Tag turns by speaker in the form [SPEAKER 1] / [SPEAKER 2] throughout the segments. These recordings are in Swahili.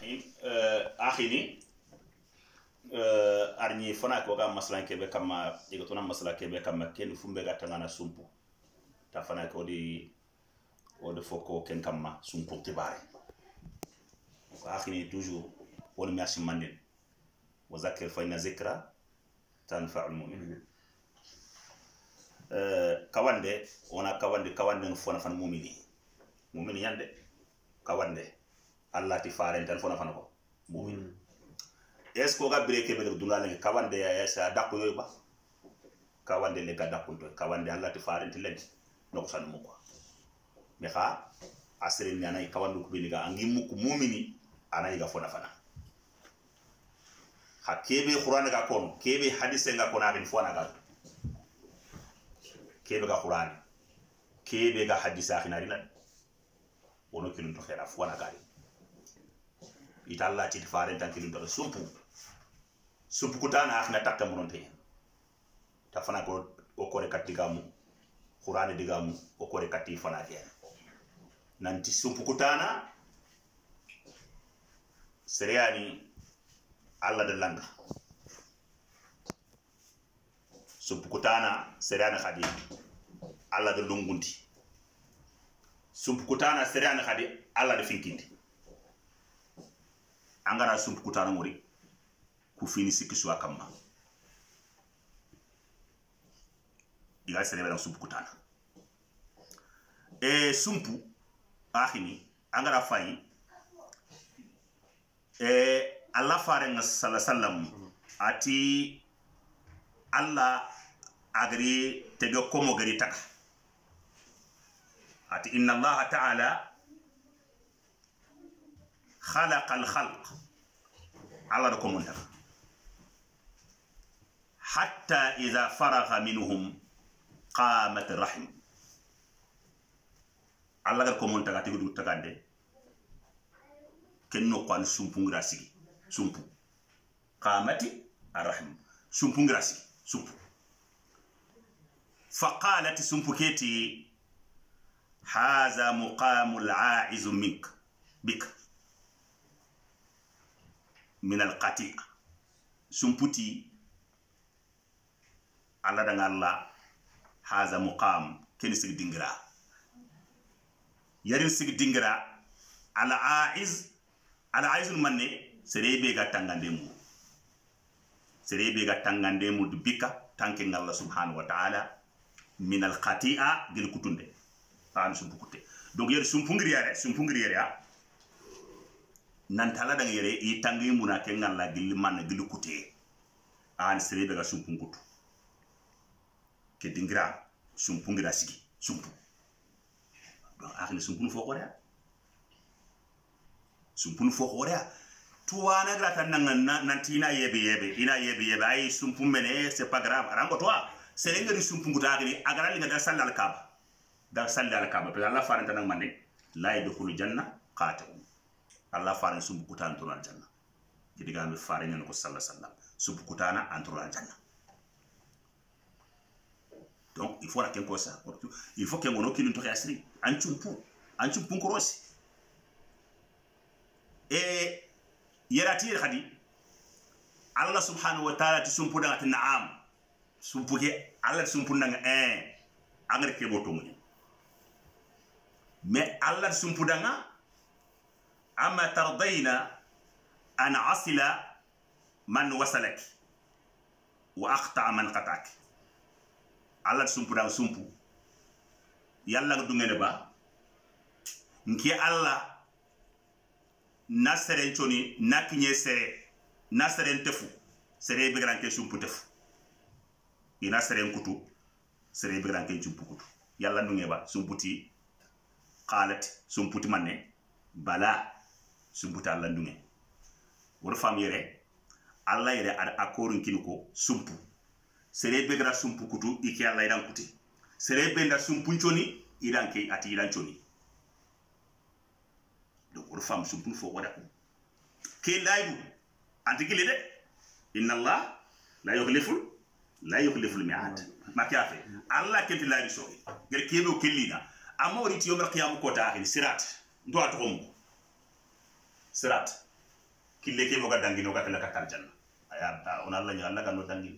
[SPEAKER 1] rahim akhini arñi fana ko ga maslan kebe kama diga tona masla kebe kamma ken fumbe ga tangana sumpu ta fana ko di o de foko ken kamma sumpu tibare ko akhini toujours wol merci mandin wa zakir fa inna zikra tanfa'ul mu'min eh, kawande ona kawande kawande fona fan mumini mumini yande kawande allah ti faren tan fona fana ko mumin mm. est ce que ga breke be dula ne kawande ya sa dakko yoy ba kawande le ga dakko to kawande allah ti faren tan leddi no san mu ko mi kha asre ni anay kawandu ko biniga angi mu ko mumini anay ga fona fana ha kebe qur'an ga kon kebe hadise ga kono abin fona ga kebe ga qur'an kebe ga hadisa khina rina wono kinun to khera fona ga ita allah titi faren tan kilu daga sumpu sumpu ak na takka munon nonte ta fana ko o kore kat digamu qur'an diga o kore katti fana ke nanti sumpu kutana seriani allah de langa sumpu kutana seriani khadi allah de lungundi sumpu kutana seriani khadi allah de finkindi angara sumpu kutana ngori kufini sikiswa kama igal sere bela sumpu kutana e sumpu ahini angara fayi e alla farenga sallallahu ati alla agri tege komo gari taka ati inna allaha ta'ala خلق الخلق على ركوم حتى إذا فرغ منهم قامت الرحم الله قال كومون تغا تيغو دو تغاندي كنو قال سومبو غراسي سومبو قامت الرحم سومبو غراسي سومبو فقالت سمبوكيتي هذا مقام العائز منك بك min alkati sumputi alla daga alla haza mukam keni sig dingira yarin sig dingira ala aiz ala aizun manne sere be ga tangande mu sere be ga tangande mu dubika tanke ngalla subhanahu wa ta'ala min alqati'a gel kutunde an sumpukute donc yer sumpungriyare sumpungriyare ha ah. nan tala yere i tangi muna ke la gilli man gilli kute an sere daga sumpun kutu ke dingra sumpun gira sigi sumpu don akni sumpun fo kore sumpun fo kore tuwana gra tan nan nan tina yebe yebe ina yebe yebe ay sumpun mene c'est pas grave arango toi sere ngari kutu akni agara linga da dal kaba sal dal kaba pe la faranta nan mande la yadkhulu janna qatim allah farin sumbu kuta antoro janna jadi gambe farin nan ko sallallahu alaihi wasallam sumbu kutana na antoro aljanna donc il faut la raken ko sa il faut ken gono kilin to asri an chumpu an chumpu ko rosi e yerati khadi allah subhanahu wa ta'ala ti sumpu daga na'am sumpu ke allah sumpu nang eh angre ke botu mun mais allah sumpu danga eh, amma tardayna an asila man wasalak wa aqta man qatak alla sumpu da sumpu yalla ga dungene ba nki alla na choni na sere tefu sere be grand ke sumpu tefu ina seren kutu sere be grand ke sumpu kutu yalla dungene ba sumputi qalat sumputi manne bala sumbuta alla nduŋe wor fam yere Allah yere ada akoru kini ko sumpu sere be sumpu kutu i Allah alla idan kuti sere be sumpu nchoni idan ke ati idan coni donc wor fam sumpu fo wada ko ke laydu anti kile de inna allah la yuhliful la yuhliful miad make a fe alla kenti laydu sori gere kebe o kellina amma woriti yomal qiyamu kota ahin sirat ndo a togomugo sirat kile ke moga dangi no katala kakal janna aya ta on Allah nya Allah kan no dangi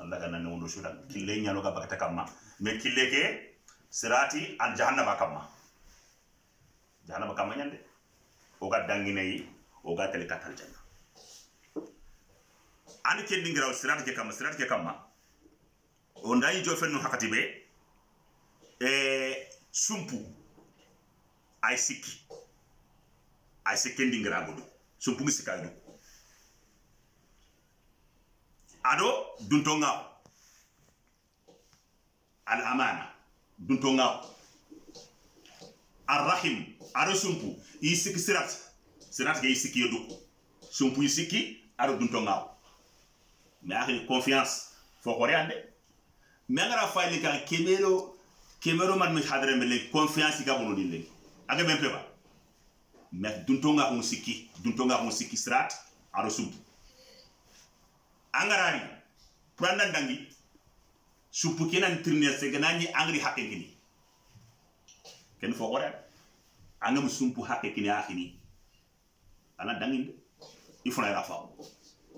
[SPEAKER 1] Allah kan mm, no ndo shuda kile nya no bakata kamma me kile ke sirati an jahannama kamma jahannama kamma nyande o ga dangi nei o ga tele katal janna an ke dingira sirat ke kamma sirat ke kamma on dai jo fenno hakati be e eh, sumpu ay sikki a se kendi ngira bodu so pungi sikaidu ado dunto al amana dunto ngao arrahim ado sumpu i siki sirat sirat ke i siki yoduku sumpu i siki ado duntonga, me mais axi confiance fo xore ande mais angara fayni kan kemero kemero man mi hadrembele confiance i ga bunu din legi aga ben mais duntonga on siki duntonga on siki strat a rosum angarari kuranda dangi supu kenan tirne seganani angri kini ken fo ora angam sumpu kini akhini ah ana il faut la fa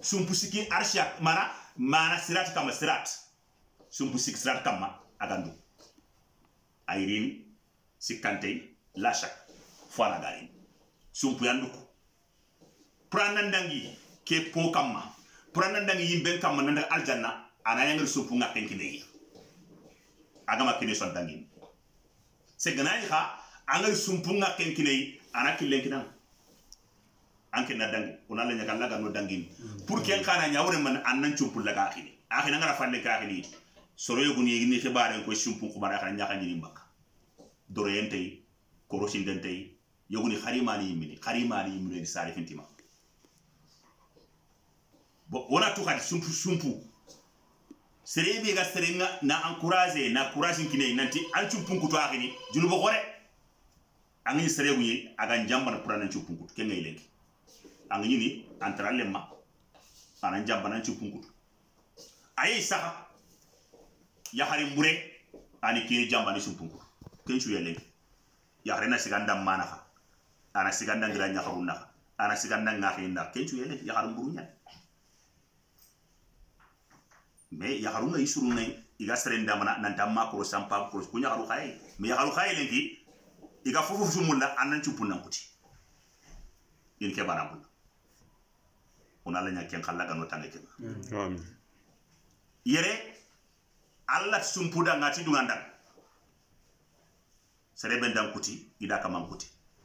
[SPEAKER 1] sumpu siki arsha mana mana strat kama strat sumpu siki strat kama agandu Airin, sikante lasha, fo ana garini sumpuyanduko pranandangi ke po kamma pranandangi yimben kam nanda aljanna ana yangri sumpu nga penkinegi agama kine son dangin seganayi ha angari sumpu nga anak ana killen kinan anke na dangi ona la nyaka laga no dangin pour ken kana nyawre man annan chumpul laga akhini akhina ngara falle ka akhini soro yogu bare ko chumpul ko bara kana nyaka ni mbaka doro koro sindentei yoguni harimani ni imini yimini ni imini ni sari fintima bo ona tu hadi sumpu sumpu serebi ga serenga na encourage na courage kine nanti an chumpun to akini junu bo gore angini serebu ye aga njamba na purana chumpun kutu kenga ileki angini ni antarale ma ana njamba na chumpun kutu ayi sa ya harimbure ani kiri jamba ni chumpun kutu kenchu yeleki ya harina siganda manaha ana siganda ngira nyakaru ndax ana siganda xey ndax kencu xaru ya, ya burunya me ya ngai suru ne iga ndama na nanta ma ko sampa ko kunya xaru me ya len lengi iga fufu sumunda anan ko ci yin ke bana kunna ona la xalla ga no tanga ci hmm. amin yere iya alla sumpuda ngati dunganda sereben dan kuti ida kamam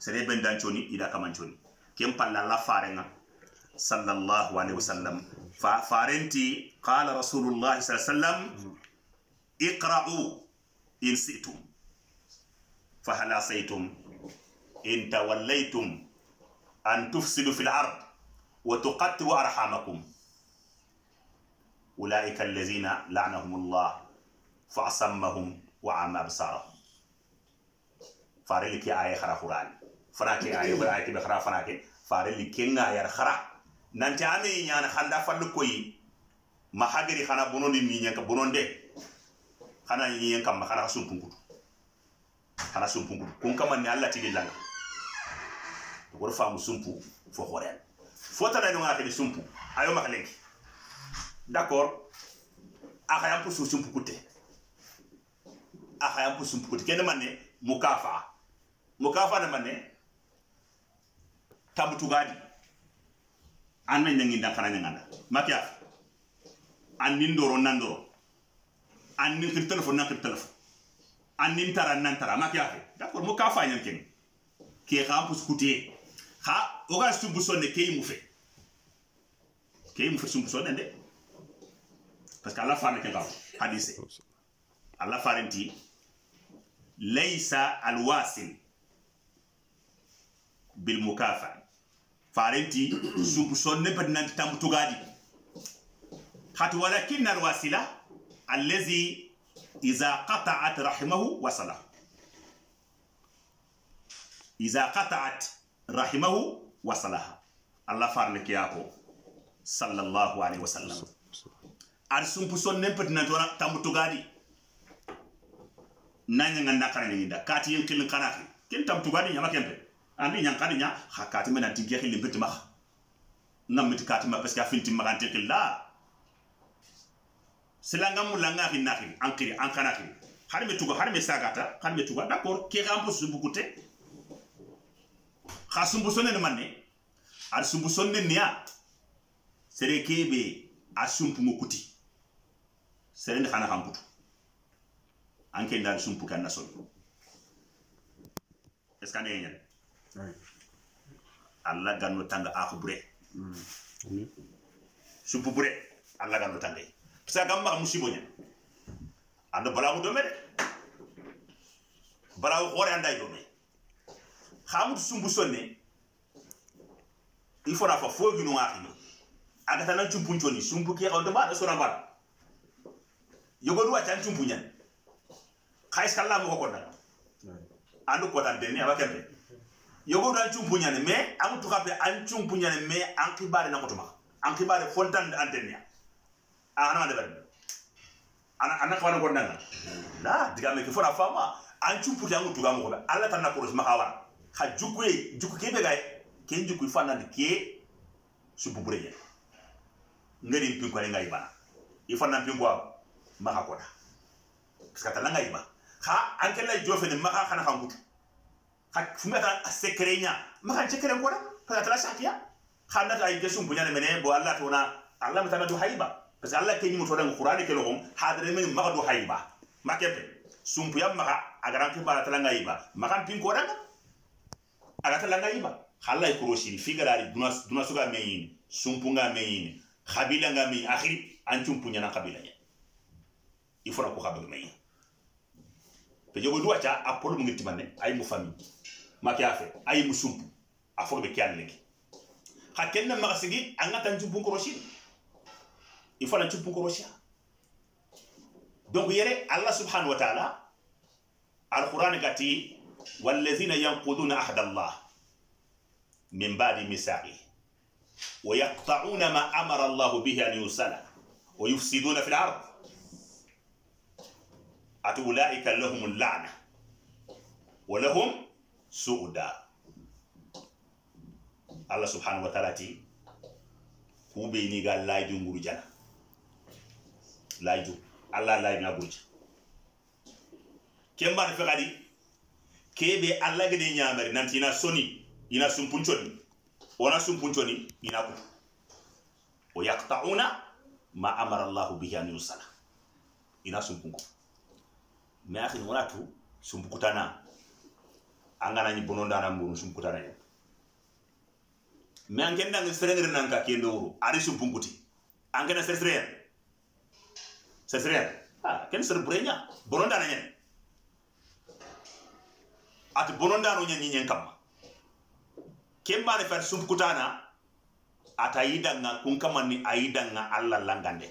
[SPEAKER 1] sere ben danconi ida kamanconi kem palla la farenga sallallahu alaihi wasallam fa farenti qala rasulullah sallallahu alaihi wasallam iqra'u in si'tum fa hal asaytum in tawallaytum an tufsidu fil ard wa tuqatti'u arhamakum أولئك الذين لعنهم الله فأصمهم وعمى أبصارهم فارلك آية خرا قرآن fanake ayo bara ay khara fanake fare li kenga yar khara nanti ami nyana khanda fallu koyi ma hagari khana bonondi ni nyanka bononde khana ni nyanka ma khana sun pungudu khana sun pungudu kun kama ni Allah tigi langa to gor famu sumpu fo horen fota na nga ke sumpu ayo ma lengi d'accord akaya pusu sumpu kute akaya pusu sumpu kute kene manne mukafa mukafa na manne tabutugadi an na ñanginda xana ñanganda makiya an nin doro nan doro an nin xir téléphone nan xir téléphone an nin tara nan tara makiya fe d'accord mo ka fañan ken ke xa pus ha xa oga sumbu sonne ke yimu e fe ke yimu e fe sumbu sonne de parce que ala fane ke gaw hadise ala farenti laysa alwasil بالمكافأة farenti soupçonné par nanti tambutugadi hati walakin alwasila allazi iza qata'at rahimahu wasala iza qata'at rahimahu wasalaha allah farleke yako sallallahu alaihi wasallam ar soupçonné par nanti tambutugadi nanya nganda kana nyinda kati yin kilin kana kin tambutugadi nyama kempe andi yang ña hakati hakati nanti geexi limpitima ngammiti katima parce que a finti maxante xilla silanga mulla nga xi hari an nakhi an xana xiri xar me tuga xar me sagata xar me tuga d'accord ke xa manne ar niya sere kebe a kuti sere ndi xana xamputu sumpu ke an na alla ganno tanga akhu bure hmm. supu bure alla ganno tanga sa gamma musibonya anda balagu do mere balagu hore anda do mere khamut sumbu sonne il faut na fa fogi no Anda aga tanan chumpu choni sumbu ke on do ma so na bal yogo duwa chan chumpu nyan khais kala mo ko na andu ko tan aba abakembe yogoto an cumpuñani mais an tukape an cumpuñani mais an kibare nangotuma an kibare fontande antenia a ah, hanamande ɓerni anna kabane gondanga la digame ke fona fama an cumputi an tugamogoɓe allah tanna korosima ka wara ha jukkuye jukku ke ke ken jukkuy fannande ke subbubureñe ngeɗin pinkone nga yibana i fannan pinkoa maha koda parce que tanna nga yiba ha an kella jofene maha kana kan gutu fumbe ka sekerenya maka cekere ngora ka tala shakia khanda ta igesu bunya ne mene bo Allah tona Allah mutana du haiba parce Allah ke ni mutoda Qur'an ke lokum hadre men maka du haiba makepe sumpu ya maka agara ke bara tala ngaiba makan pin kodan aga tala ngaiba khalla ikroshi figarari dunas dunasuga meyin sumpunga meyin khabila nga meyin akhiri anchumpunya na kabila nya ifona ko kabila meyin pe jogo duwa apolo mungiti mane ay mu famille make afe ayi musumpu afor be kyan leki ha kenna magasigi anga tan jumpu koroshi ifana ko roshi donc yere allah subhanahu wa ta'ala alquran gati wal والذين ينقضون عهد الله من بعد ميثاقه ويقطعون ما امر الله به ان يوصل ويفسدون في الارض اولئك لهم la'na ولهم su'uda allah subhanahu wa taala ti kube ni ga laju ngurjana laju allah laju na burja kemba ne fekadi kebe allah gede nyamari nanti ina soni ina sumpunconi ona sumpunconi ina kutu o yaqta'una ma amara allah bihi an yusala ina sumpunko me akhi wala tu sumpukutana angana ni bonon dana mbunu sum kutana ya me angen dang serengir nan ka kendo ari sum punguti angena sersereya sersereya ah ken ser burenya bonon dana nyen at bonon dana nyen nyen kamma kemba ne fer sum kutana ata yidanga kun kamanni a yidanga alla langande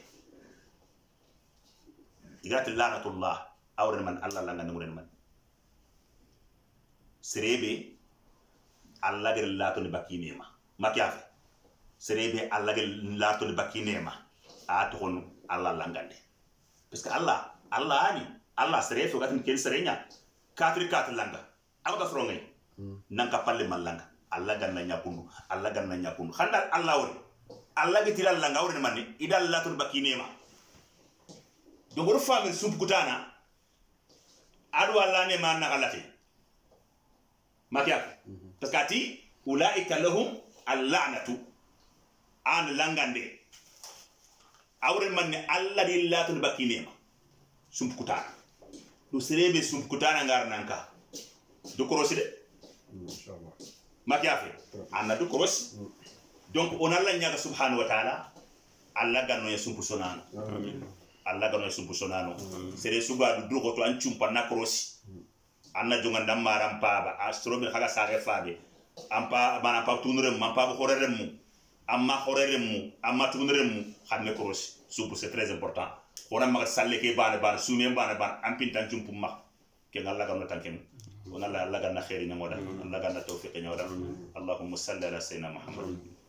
[SPEAKER 1] igati lanatullah awren man alla langande muren man serebe alla gel lato ne bakine ma makiafe serebe alla gel lato ne bakine ma a to kon alla langande parce que alla alla ani alla sere fo gatin ken serenya katri kat langa alga frongai hmm. nanka palle malanga alla ganna nyakunu alla ganna nyakunu khanda alla wori alla gitira langa wori manni idal alla to bakine ma donc ro famin sumputana adu alla ne ma na galate maki yake parce qu'ati ulaika lahum allanatu an langande awre manne alla di latul bakinema sumpukutana du serebe sumpukutana ngarnanka du korosi de inshallah maki yake anna du korosi donc on alla nyaga subhanahu wa ta'ala alla ganno ya sumpu sonano amin alla ganno ya sumpu sonano sere suba du drogo to an chumpa na korosi anna jonga ndamara mpaba astrobe haga sare fade ampa bana pa tunure mu ampa horere mu amma horere mu amma tunure mu xamne korosi subu c'est très important wona maga salle ke bana bana sume bana bana ampin tan jumpu ma ke ngalla gamna tan kem wona la la ganna khairi nyamoda la ganna tawfiq nyamoda allahumma salli ala sayyidina muhammad